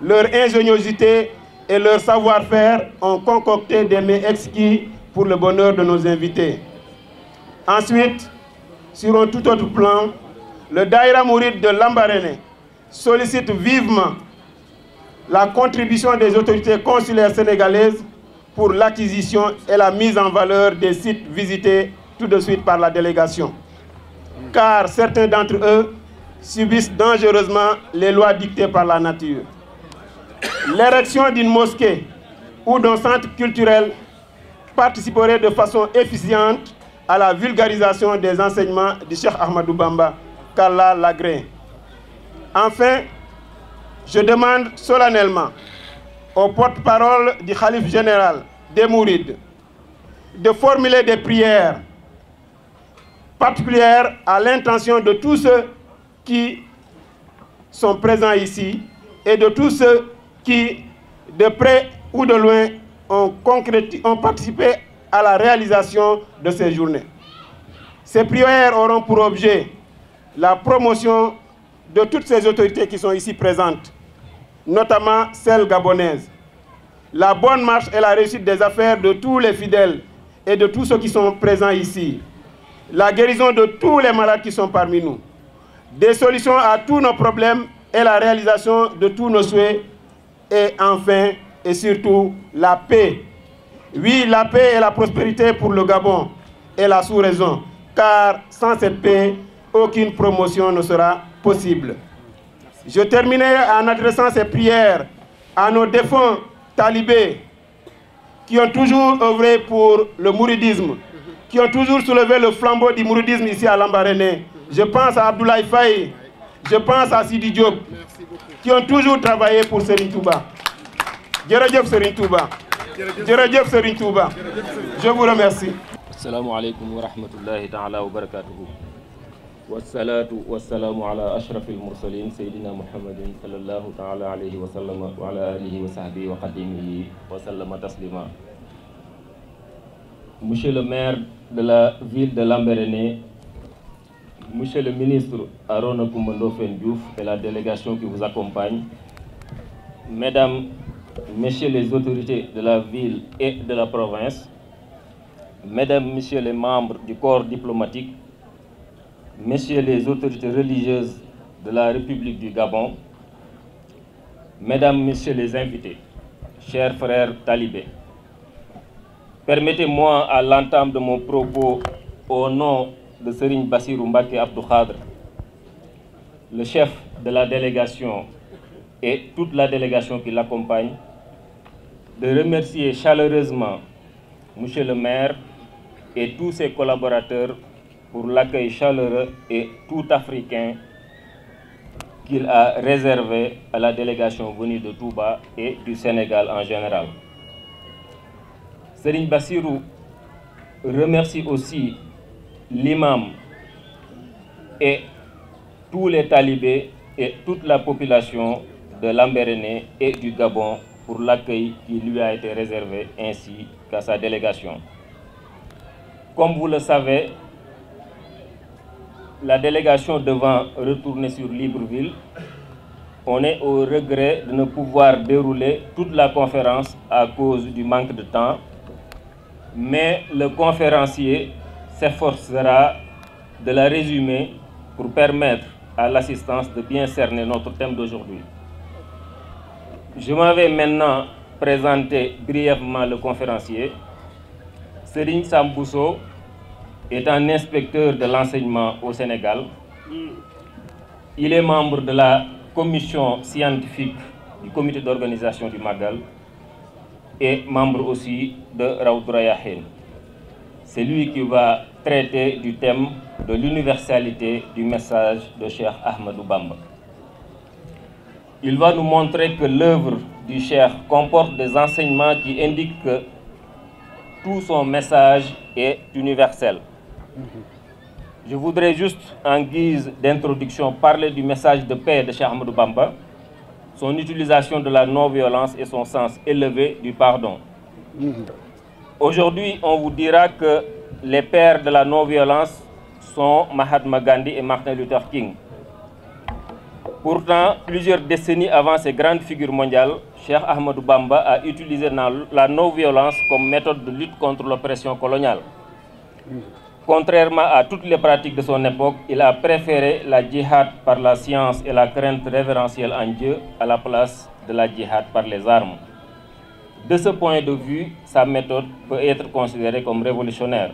leur ingéniosité et leur savoir-faire, ont concocté des mets exquis pour le bonheur de nos invités. Ensuite, sur un tout autre plan, le Daïra Mourid de Lambaréné sollicite vivement la contribution des autorités consulaires sénégalaises pour l'acquisition et la mise en valeur des sites visités tout de suite par la délégation. Car certains d'entre eux subissent dangereusement les lois dictées par la nature. L'érection d'une mosquée ou d'un centre culturel participerait de façon efficiente à la vulgarisation des enseignements du Cheikh Ahmadou Bamba, qu'Allah Lagré. Enfin, je demande solennellement au porte-parole du calife général des Mourides de formuler des prières particulières à l'intention de tous ceux qui sont présents ici et de tous ceux qui, de près ou de loin, ont, ont participé à la réalisation de ces journées. Ces prières auront pour objet la promotion de toutes ces autorités qui sont ici présentes notamment celle gabonaise. La bonne marche et la réussite des affaires de tous les fidèles et de tous ceux qui sont présents ici. La guérison de tous les malades qui sont parmi nous. Des solutions à tous nos problèmes et la réalisation de tous nos souhaits. Et enfin, et surtout, la paix. Oui, la paix et la prospérité pour le Gabon et la sous-raison. Car sans cette paix, aucune promotion ne sera possible. Je terminerai en adressant ces prières à nos défunts talibés qui ont toujours œuvré pour le mouridisme, qui ont toujours soulevé le flambeau du mouridisme ici à Lambaréné. Je pense à Abdoulaye Faye, je pense à Sidi Diop, qui ont toujours travaillé pour Serin Touba. Touba. Je vous remercie. والصلاة والسلام على أشرف المرسلين سيدنا محمد صلى الله تعالى عليه وسلم وعلى آله وصحبه وقديمه وسلم تسليما Monsieur le maire de la ville de Lamberené, Monsieur le ministre Aron Koumando Fendiouf et la délégation qui vous accompagne, Mesdames, Messieurs les autorités de la ville et de la province, Mesdames, Messieurs les membres du corps diplomatique, messieurs les autorités religieuses de la République du Gabon, mesdames, messieurs les invités, chers frères talibés, permettez-moi à l'entame de mon propos au nom de Serigne Bassir Mbaké Abdou le chef de la délégation et toute la délégation qui l'accompagne, de remercier chaleureusement Monsieur le maire et tous ses collaborateurs pour l'accueil chaleureux et tout africain qu'il a réservé à la délégation venue de Touba et du Sénégal en général. Sérine Bassirou remercie aussi l'imam et tous les talibés et toute la population de l'ambéréné et du Gabon pour l'accueil qui lui a été réservé ainsi qu'à sa délégation. Comme vous le savez, la délégation devant retourner sur Libreville, on est au regret de ne pouvoir dérouler toute la conférence à cause du manque de temps, mais le conférencier s'efforcera de la résumer pour permettre à l'assistance de bien cerner notre thème d'aujourd'hui. Je m'en vais maintenant présenter brièvement le conférencier. Céline Sambousso est un inspecteur de l'enseignement au Sénégal. Il est membre de la commission scientifique du comité d'organisation du Magal et membre aussi de Raoudrayahen. C'est lui qui va traiter du thème de l'universalité du message de Cheikh Ahmedou Bamba. Il va nous montrer que l'œuvre du Cheikh comporte des enseignements qui indiquent que tout son message est universel. Je voudrais juste, en guise d'introduction, parler du message de paix de Cheikh Ahmadou Bamba, son utilisation de la non-violence et son sens élevé du pardon. Aujourd'hui, on vous dira que les pères de la non-violence sont Mahatma Gandhi et Martin Luther King. Pourtant, plusieurs décennies avant ces grandes figures mondiales, Cheikh Ahmadou Bamba a utilisé la non-violence comme méthode de lutte contre l'oppression coloniale. Contrairement à toutes les pratiques de son époque, il a préféré la djihad par la science et la crainte révérentielle en Dieu à la place de la djihad par les armes. De ce point de vue, sa méthode peut être considérée comme révolutionnaire.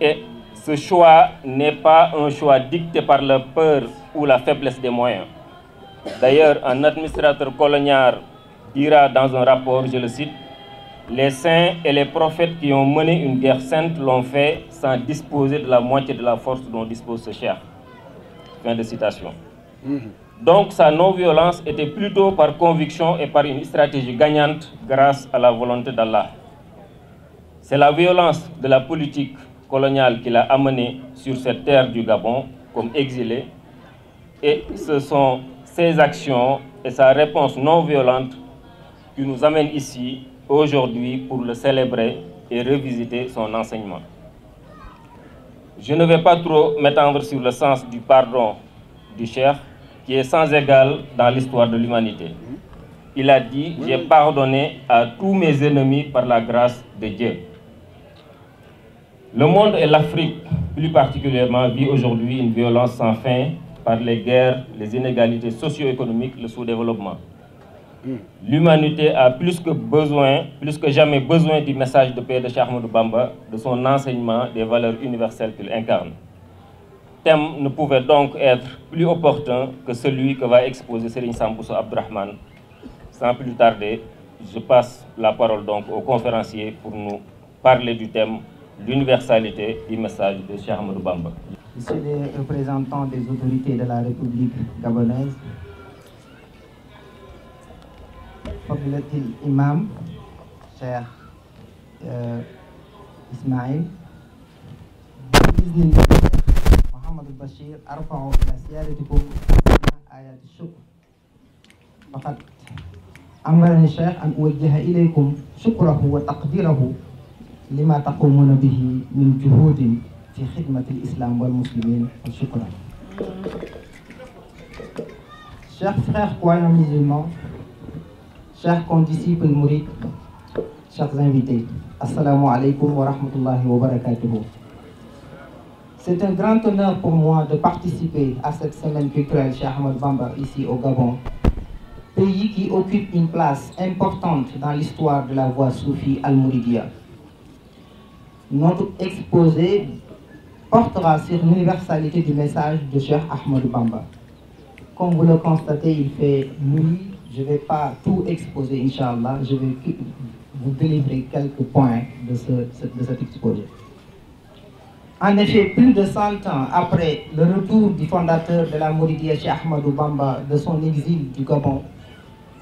Et ce choix n'est pas un choix dicté par la peur ou la faiblesse des moyens. D'ailleurs, un administrateur colonial dira dans un rapport, je le cite, les saints et les prophètes qui ont mené une guerre sainte l'ont fait sans disposer de la moitié de la force dont dispose ce cher. Fin de citation. Mhm. Donc sa non-violence était plutôt par conviction et par une stratégie gagnante grâce à la volonté d'Allah. C'est la violence de la politique coloniale qui l'a amené sur cette terre du Gabon comme exilé et ce sont ses actions et sa réponse non violente qui nous amène ici aujourd'hui pour le célébrer et revisiter son enseignement. Je ne vais pas trop m'étendre sur le sens du pardon du Cher, qui est sans égal dans l'histoire de l'humanité. Il a dit, j'ai pardonné à tous mes ennemis par la grâce de Dieu. Le monde et l'Afrique, plus particulièrement, vit aujourd'hui une violence sans fin par les guerres, les inégalités socio-économiques, le sous-développement. L'humanité a plus que besoin, plus que jamais besoin du message de paix de Charmou de Bamba, de son enseignement des valeurs universelles qu'il incarne. Thème ne pouvait donc être plus opportun que celui que va exposer Serigne Sambousso Abdrahman. Sans plus tarder, je passe la parole donc au conférencier pour nous parler du thème l'universalité du message de Charmou Bamba. les représentants des autorités de la République gabonaise, فضيلة الإمام شيخ آه، إسماعيل بإذن الله محمد البشير أرفع إلى سيادتكم آيات الشكر فقد أمرني الشيخ أن أوجه إليكم شكره وتقديره لما تقومون به من جهود في خدمة الإسلام والمسلمين شكرا Chers frères croyants musulmans, chers condisciples mourides, chers invités, Assalamu alaikum wa rahmatullahi wa barakatuh. C'est un grand honneur pour moi de participer à cette semaine culturelle chez Ahmad Bamba ici au Gabon, pays qui occupe une place importante dans l'histoire de la voie soufie al-Mouridia. Notre exposé portera sur l'universalité du message de Cheikh Ahmed Bamba. Comme vous le constatez, il fait nuit je ne vais pas tout exposer, Inch'Allah. Je vais vous délivrer quelques points de, ce, de cet exposé. En effet, plus de 100 ans après le retour du fondateur de la Mauritanie, Cheikh Ahmadou Bamba, de son exil du Gabon,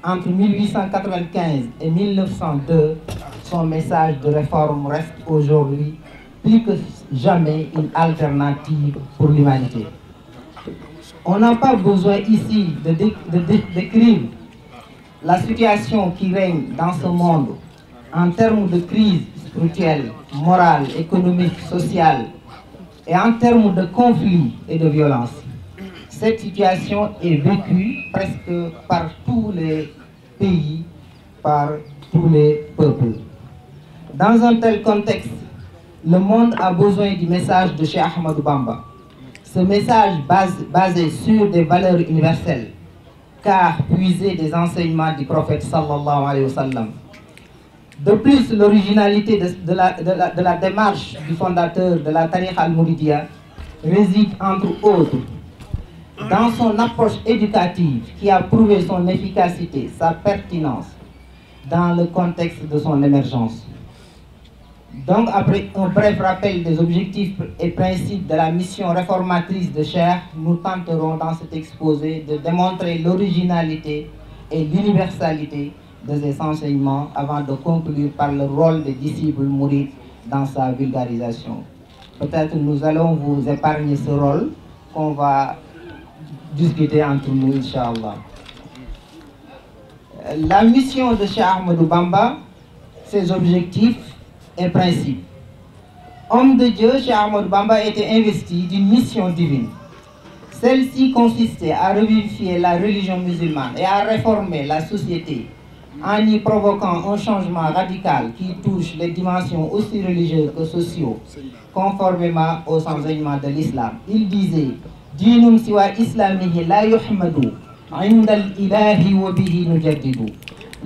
entre 1895 et 1902, son message de réforme reste aujourd'hui plus que jamais une alternative pour l'humanité. On n'a pas besoin ici de, décrire la situation qui règne dans ce monde en termes de crise spirituelle, morale, économique, sociale et en termes de conflits et de violence. Cette situation est vécue presque par tous les pays, par tous les peuples. Dans un tel contexte, le monde a besoin du message de Cheikh Ahmadou Bamba. Ce message basé sur des valeurs universelles car puiser des enseignements du prophète sallallahu alayhi wa sallam. De plus, l'originalité de, la, démarche du fondateur de la Tariq al muridia réside entre autres dans son approche éducative qui a prouvé son efficacité, sa pertinence dans le contexte de son émergence. Donc, après un bref rappel des objectifs et principes de la mission réformatrice de Cher, nous tenterons dans cet exposé de démontrer l'originalité et l'universalité de ses enseignements avant de conclure par le rôle des disciples mourides dans sa vulgarisation. Peut-être nous allons vous épargner ce rôle qu'on va discuter entre nous, Inch'Allah. La mission de Cheikh Bamba, ses objectifs Homme de Dieu, Cheikh Bamba était investi d'une mission divine. Celle-ci consistait à revivifier la religion musulmane et à réformer la société en y provoquant un changement radical qui touche les dimensions aussi religieuses que sociaux, conformément aux enseignements de l'islam. Il disait Dinum siwa islamihi la yuhmadu, inda ilahi wa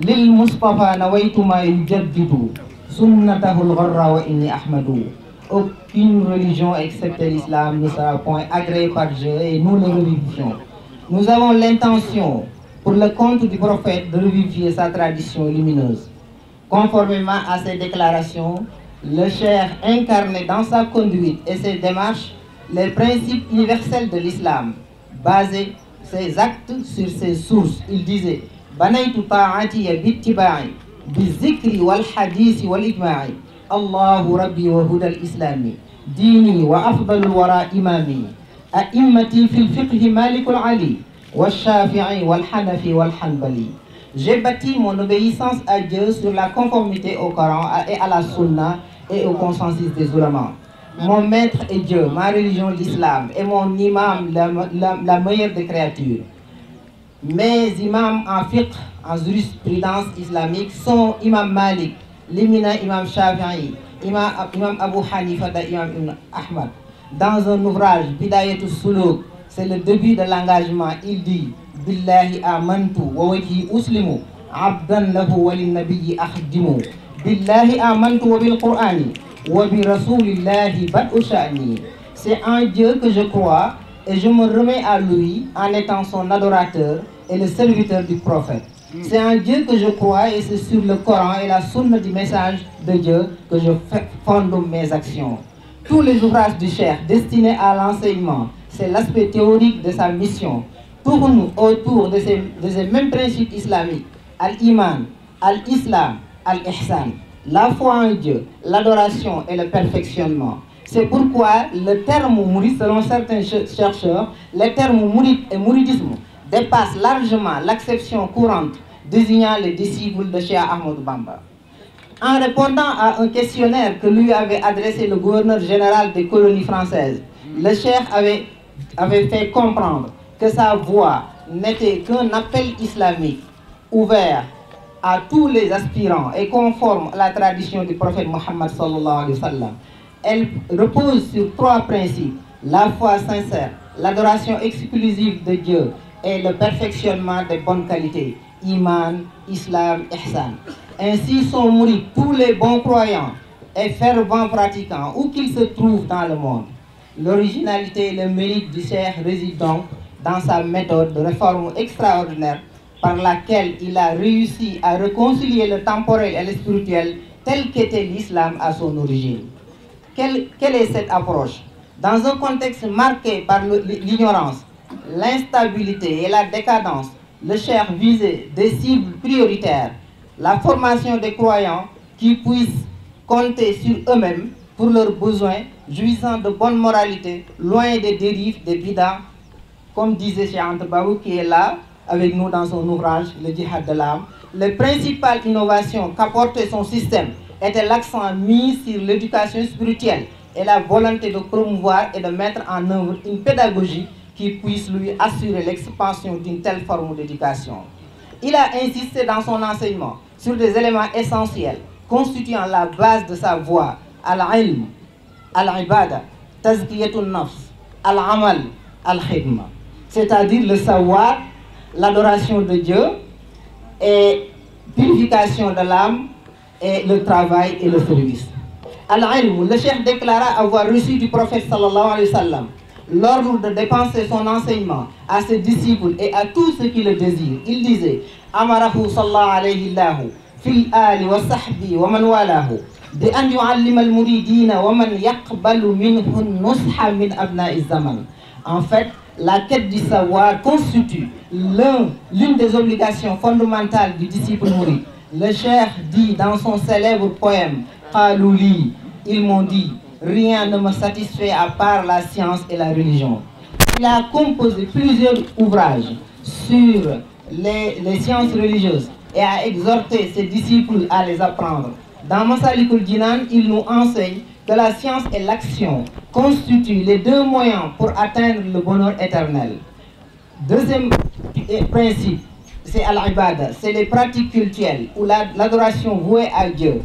Lil sunnatahul gharra wa inni ahmadu aucune religion excepté l'islam ne sera point agréée par Dieu et nous le revivifions. Nous avons l'intention, pour le compte du prophète, de revivifier sa tradition lumineuse. Conformément à ses déclarations, le cher incarnait dans sa conduite et ses démarches les principes universels de l'islam, basé ses actes sur ses sources. Il disait « Banaytu ta'ati بالذكر والحديث والإجماع الله ربي وهدى الإسلام ديني وأفضل الورى إمامي أئمتي في الفقه مالك العلي والشافعي والحنفي والحنبلي J'ai bâti mon obéissance à Dieu sur la conformité au Coran et à la Sunna et au consensus des ulémas. Mon maître est Dieu, ma religion l'islam et mon imam la, la, la meilleure des créatures. Mes imams en fiqh en jurisprudence islamique sont Imam Malik, l'éminent Imam Shafi'i, imam, imam, Abu Hanifa et Imam Ibn Ahmad. Dans un ouvrage, Bidayatul Suluk, c'est le début de l'engagement, il dit Billahi amantu wa wajhi uslimu abdan lahu wa Nabi akhdimu Billahi amantu wa bil Qur'ani wa bi rasulillahi bad'u C'est un Dieu que je crois et je me remets à lui en étant son adorateur et le serviteur du prophète. Mm. C'est en Dieu que je crois et c'est sur le Coran et la source du message de Dieu que je fonde mes actions. Tous les ouvrages du Cher destinés à l'enseignement, c'est l'aspect théorique de sa mission, Tourne-nous autour de ces, mêmes principes islamiques, al-iman, al-islam, al-ihsan, la foi en Dieu, l'adoration et le perfectionnement. C'est pourquoi le terme mourit selon certains chercheurs, le terme mourit et mouridisme dépasse largement l'acception courante désignant les disciples de Cheikh Ahmed Bamba. En répondant à un questionnaire que lui avait adressé le gouverneur général des colonies françaises, le Cheikh avait, avait fait comprendre que sa voix n'était qu'un appel islamique ouvert à tous les aspirants et conforme à la tradition du prophète Mohammed sallallahu alayhi wa sallam. Elle repose sur trois principes, la foi sincère, l'adoration exclusive de Dieu et le perfectionnement des bonnes qualités, iman, islam, ihsan. Ainsi sont mouris tous les bons croyants et fervents pratiquants, où qu'ils se trouvent dans le monde. L'originalité et le mérite du cher résident dans sa méthode de réforme extraordinaire par laquelle il a réussi à réconcilier le temporel et le spirituel tel qu'était l'islam à son origine. quelle est cette approche Dans un contexte marqué par l'ignorance, l'instabilité et la décadence, le cher visé des cibles prioritaires, la formation des croyants qui puissent compter sur eux-mêmes pour leurs besoins, jouissant de bonne moralité, loin des dérives, des bidas, comme disait Cheikh Baou qui est là avec nous dans son ouvrage Le djihad de l'âme. Les principales innovations qu'apportait son système était l'accent mis sur l'éducation spirituelle et la volonté de promouvoir et de mettre en œuvre une pédagogie qui puisse lui assurer l'expansion d'une telle forme d'éducation. Il a insisté dans son enseignement sur des éléments essentiels constituant la base de sa voie al-ilm, al-ibada, nafs, al-amal, al-khidma, c'est-à-dire le savoir, l'adoration de Dieu et purification de l'âme et le travail et le service. Al-ilm, le chef déclara avoir reçu du prophète sallallahu alayhi wa sallam l'ordre de dépenser son enseignement à ses disciples et à tous ceux qui le désirent. Il disait alayhi fil ali wa wa walahu al minhu nusha min En fait, la quête du savoir constitue l'une des obligations fondamentales du disciple mouride. Le cher dit dans son célèbre poème ils m'ont dit rien ne me satisfait à part la science et la religion. Il a composé plusieurs ouvrages sur les, sciences religieuses et a exhorté ses disciples à les apprendre. Dans Masalikul dinan il nous enseigne que la science et l'action constituent les deux moyens pour atteindre le bonheur éternel. Deuxième principe, c'est al c'est les pratiques cultuelles ou l'adoration vouée à Dieu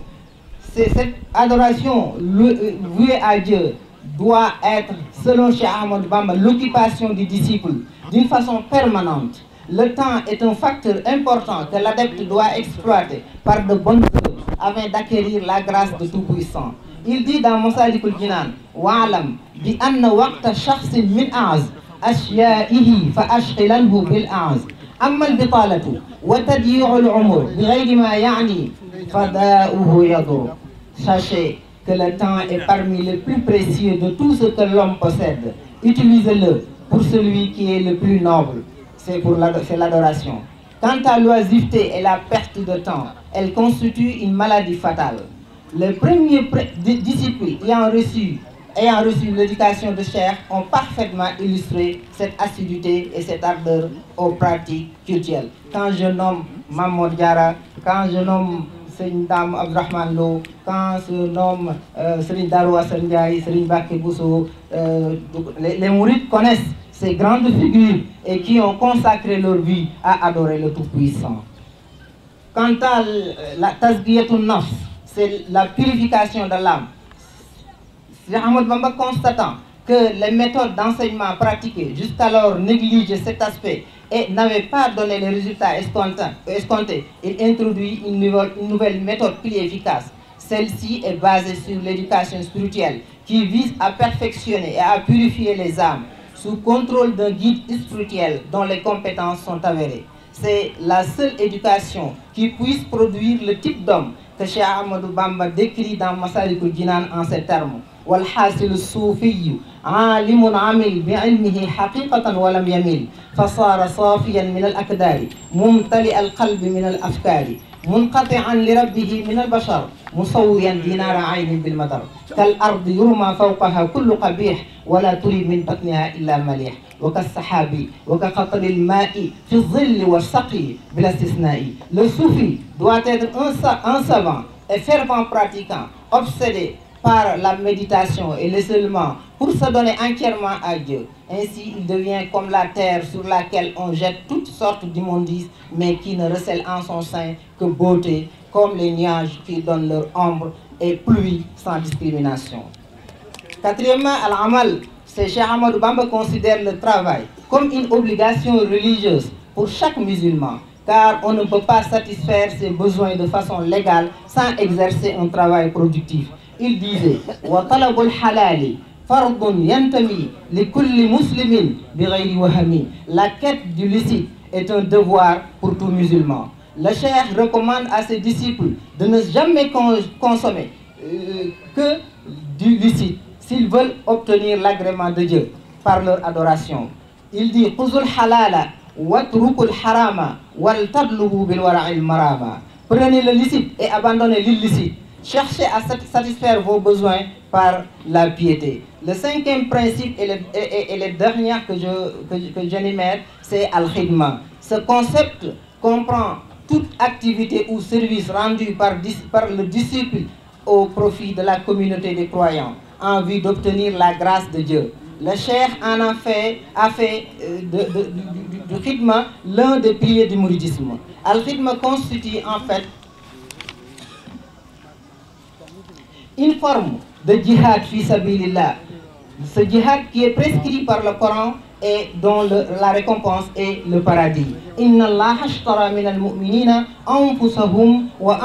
cette adoration euh, vouée à Dieu doit être, selon Cheikh Ahmed l'occupation du disciple d'une façon permanente. Le temps est un facteur important que l'adepte doit exploiter par de bonnes œuvres afin d'acquérir la grâce de Tout-Puissant. Il dit dans Mosaïkul Jinan, Wa'alam, bi anna waqta min az, ihi fa ashqilanhu bil az. أما البطالة وتضييع العمر بغير ما يعني فداؤه يضر Sachez que le temps est parmi les plus précieux de tout ce que l'homme possède. Utilisez-le pour celui qui est le plus noble. C'est pour l'adoration. Quant à l'oisiveté et la perte de temps, elle constitue une maladie fatale. Le premier disciples ayant reçu ayant reçu l'éducation de chair ont parfaitement illustré cette assiduité et cette ardeur aux pratiques culturelles. Quand je nomme Mamour Diara, quand je nomme Seigneur Dame Abdourahmane quand je nomme euh, Daroua Ndiaye, Serigne Baké Bousso, euh, les, Mourides connaissent ces grandes figures et qui ont consacré leur vie à adorer le Tout-Puissant. Quant à la tasbiyatun nafs, c'est la purification de l'âme. Ahmed Bamba constatant que les méthodes d'enseignement pratiquées jusqu'alors négligeaient cet aspect et n'avaient pas donné les résultats escomptés, il introduit une nouvelle, méthode plus efficace. Celle-ci est basée sur l'éducation spirituelle qui vise à perfectionner et à purifier les âmes sous contrôle d'un guide spirituel dont les compétences sont avérées. C'est la seule éducation qui puisse produire le type d'homme que Cheikh Ahmadou Bamba décrit dans Massalikul Jinan en ces termes. والحاسل الصوفي عالم عمل بعلمه حقيقة ولم يمل فصار صافيا من الأكدار ممتلئ القلب من الأفكار منقطعا لربه من البشر مصويا دينار عين بالمدر كالأرض يرمى فوقها كل قبيح ولا تري من بطنها إلا مليح وكالسحاب وكقطر الماء في الظل والسقي بلا استثناء Le soufi doit être un savant et fervent pratiquant, obsédé par la méditation et seulement, pour se donner entièrement à Dieu. Ainsi, il devient comme la terre sur laquelle on jette toutes sortes d'immondices, mais qui ne recèle en son sein que beauté, comme les nuages qui donnent leur ombre et pluie sans discrimination. Quatrièmement, Al-Amal, c'est Cheikh Ahmadou Bamba considère le travail comme une obligation religieuse pour chaque musulman, car on ne peut pas satisfaire ses besoins de façon légale sans exercer un travail productif il disait la quête du licite est un devoir pour tout musulman le cheikh recommande à ses disciples de ne jamais consommer euh, que du licite s'ils veulent obtenir l'agrément de Dieu par leur adoration il dit prenez le licite et abandonnez l'illicite Cherchez à satisfaire vos besoins par la piété. Le cinquième principe et le, dernier que je, que, que c'est Al-Khidma. Ce concept comprend toute activité ou service rendu par, par le disciple au profit de la communauté des croyants en vue d'obtenir la grâce de Dieu. Le cher en a fait, a fait euh, de, de, du, l'un des piliers du mouridisme. Al-Khidma constitue en fait une forme de jihad fi sabilillah. Ce jihad qui est prescrit par le Coran et dont la récompense est le paradis. Inna min anfusahum wa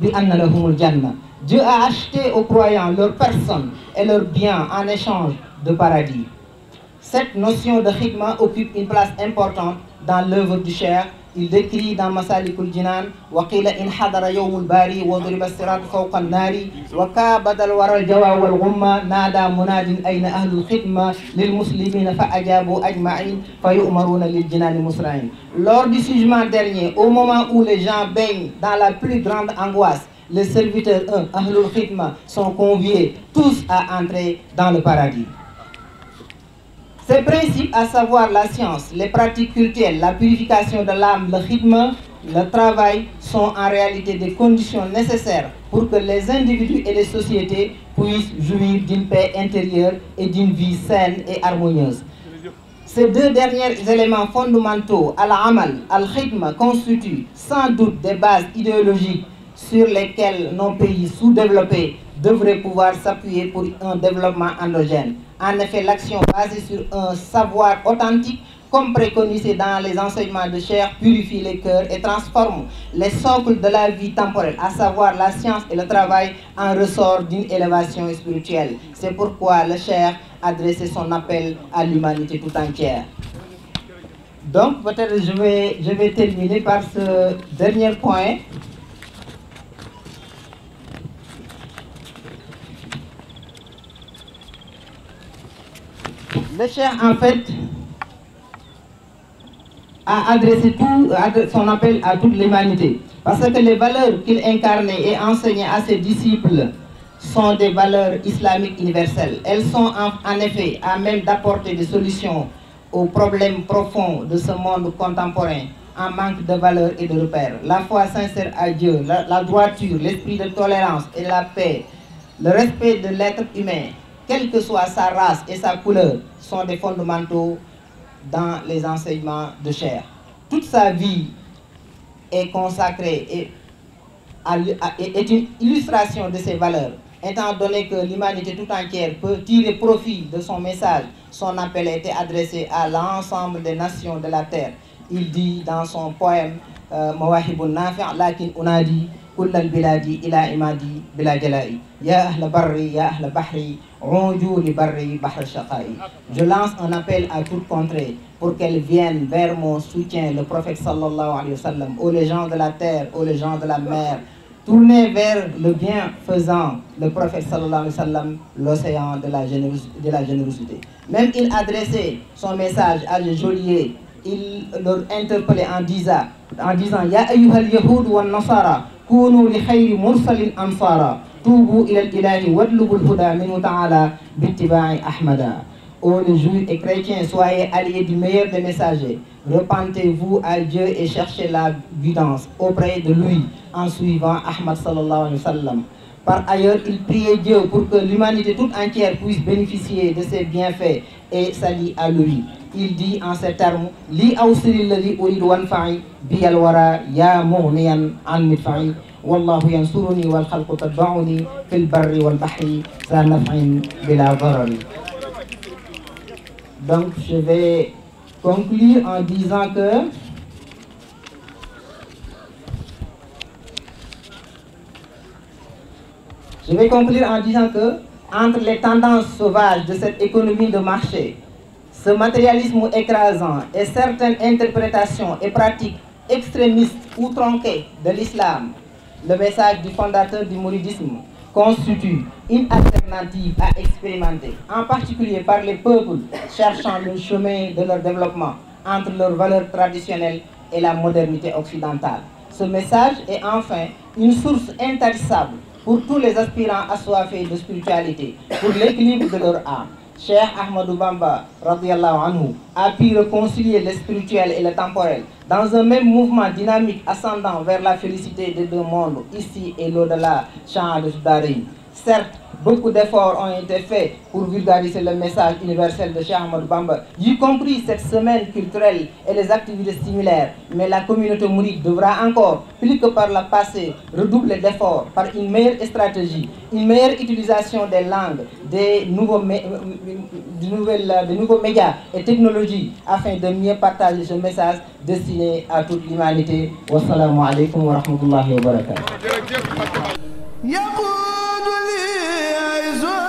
bi Dieu a acheté aux croyants leur personne et leurs biens en échange de paradis. Cette notion de khidma occupe une place importante dans l'œuvre du cher الذكر dans مسالك الجنان وقيل إن حضر يوم الباري وضرب الصراط فوق النار وكا بدل الورى الجوى والغمة نادى مناد أين أهل الخدمة للمسلمين فأجابوا أجمعين فيؤمرون للجنان مسرعين Lors du jugement dernier, au moment où les gens baignent dans la plus grande angoisse, les serviteurs 1, Ahlul Khidma, sont conviés tous à entrer dans le paradis. Ces principes, à savoir la science, les pratiques culturelles, la purification de l'âme, le rythme, le travail, sont en réalité des conditions nécessaires pour que les individus et les sociétés puissent jouir d'une paix intérieure et d'une vie saine et harmonieuse. Ces deux derniers éléments fondamentaux, Al-Amal, Al-Khidma, constituent sans doute des bases idéologiques sur lesquelles nos pays sous-développés devrait pouvoir s'appuyer pour un développement endogène. En effet, l'action basée sur un savoir authentique, comme préconisé dans les enseignements de chair, purifie les cœurs et transforme les socles de la vie temporelle, à savoir la science et le travail, en ressort d'une élévation spirituelle. C'est pourquoi le chair a dressé son appel à l'humanité tout entière. Donc, peut-être je vais, je vais terminer par ce dernier point. Le cher, en fait, a adressé tout, son appel à toute l'humanité. Parce que les valeurs qu'il incarnait et enseignait à ses disciples sont des valeurs islamiques universelles. Elles sont en, effet à même d'apporter des solutions aux problèmes profonds de ce monde contemporain en manque de valeurs et de repères. La foi sincère à Dieu, la droiture, l'esprit de tolérance et la paix, le respect de l'être humain, quelle que soit sa race et sa couleur, sont des fondamentaux dans les enseignements de chair. Toute sa vie est consacrée et est une illustration de ses valeurs, étant donné que l'humanité tout entière peut tirer profit de son message. Son appel a été adressé à l'ensemble des nations de la terre. Il dit dans son poème euh, Mawahibun nafi'a »« lakin unadi kullal biladi ila imadi ya ahla barri ya ahla bahri je lance un appel à toute contrée pour qu'elle vienne vers mon soutien, le prophète sallallahu alayhi wa sallam, aux les gens de la terre, aux les gens de la mer. Tournez vers le bienfaisant, le prophète sallallahu alayhi wa sallam, l'océan de, la générosité. Même il adressait son message à les geôliers, il leur interpellait en disant, en disant « Ya ayyuhal yahoud wa nasara, kunu li khayri mursalin ansara » Toubou ilal ilahi wadlubul huda minu ta'ala bittiba'i Ahmada. Oh les chrétiens, soyez alliés du meilleur des messagers. Repentez-vous à Dieu et cherchez la guidance auprès de lui en suivant Ahmad sallallahu alayhi wa sallam. Par ailleurs, il priait Dieu pour que l'humanité toute entière puisse bénéficier de ses bienfaits et s'allie à lui. Il dit en ces termes Li urid wanfa'i bi ya an mitfa'i donc je vais conclure en disant que je vais conclure en disant que entre les tendances sauvages de cette économie de marché ce matérialisme écrasant et certaines interprétations et pratiques extrémistes ou tronquées de l'islam le message du fondateur du mouridisme constitue une alternative à expérimenter, en particulier par les peuples cherchant le chemin de leur développement entre leurs valeurs traditionnelles et la modernité occidentale. Ce message est enfin une source intarissable pour tous les aspirants assoiffés de spiritualité, pour l'équilibre de leur âme. Cheikh Ahmadou Bamba anhu, a pu reconcilier le spirituel et le temporel dans un même mouvement dynamique ascendant vers la félicité des deux mondes, ici et l'au-delà, chant de Certes, beaucoup d'efforts ont été faits pour vulgariser le message universel de Cheikh Bamba, y compris cette semaine culturelle et les activités similaires. Mais la communauté mouride devra encore, plus que par le passé, redoubler d'efforts par une meilleure stratégie, une meilleure utilisation des langues, des nouveaux, euh, euh, nouvelles, euh, nouveaux médias et technologies, afin de mieux partager ce message destiné à toute l'humanité. Wassalamu alaikum wa rahmatullahi wa barakatuh. feliz, oh.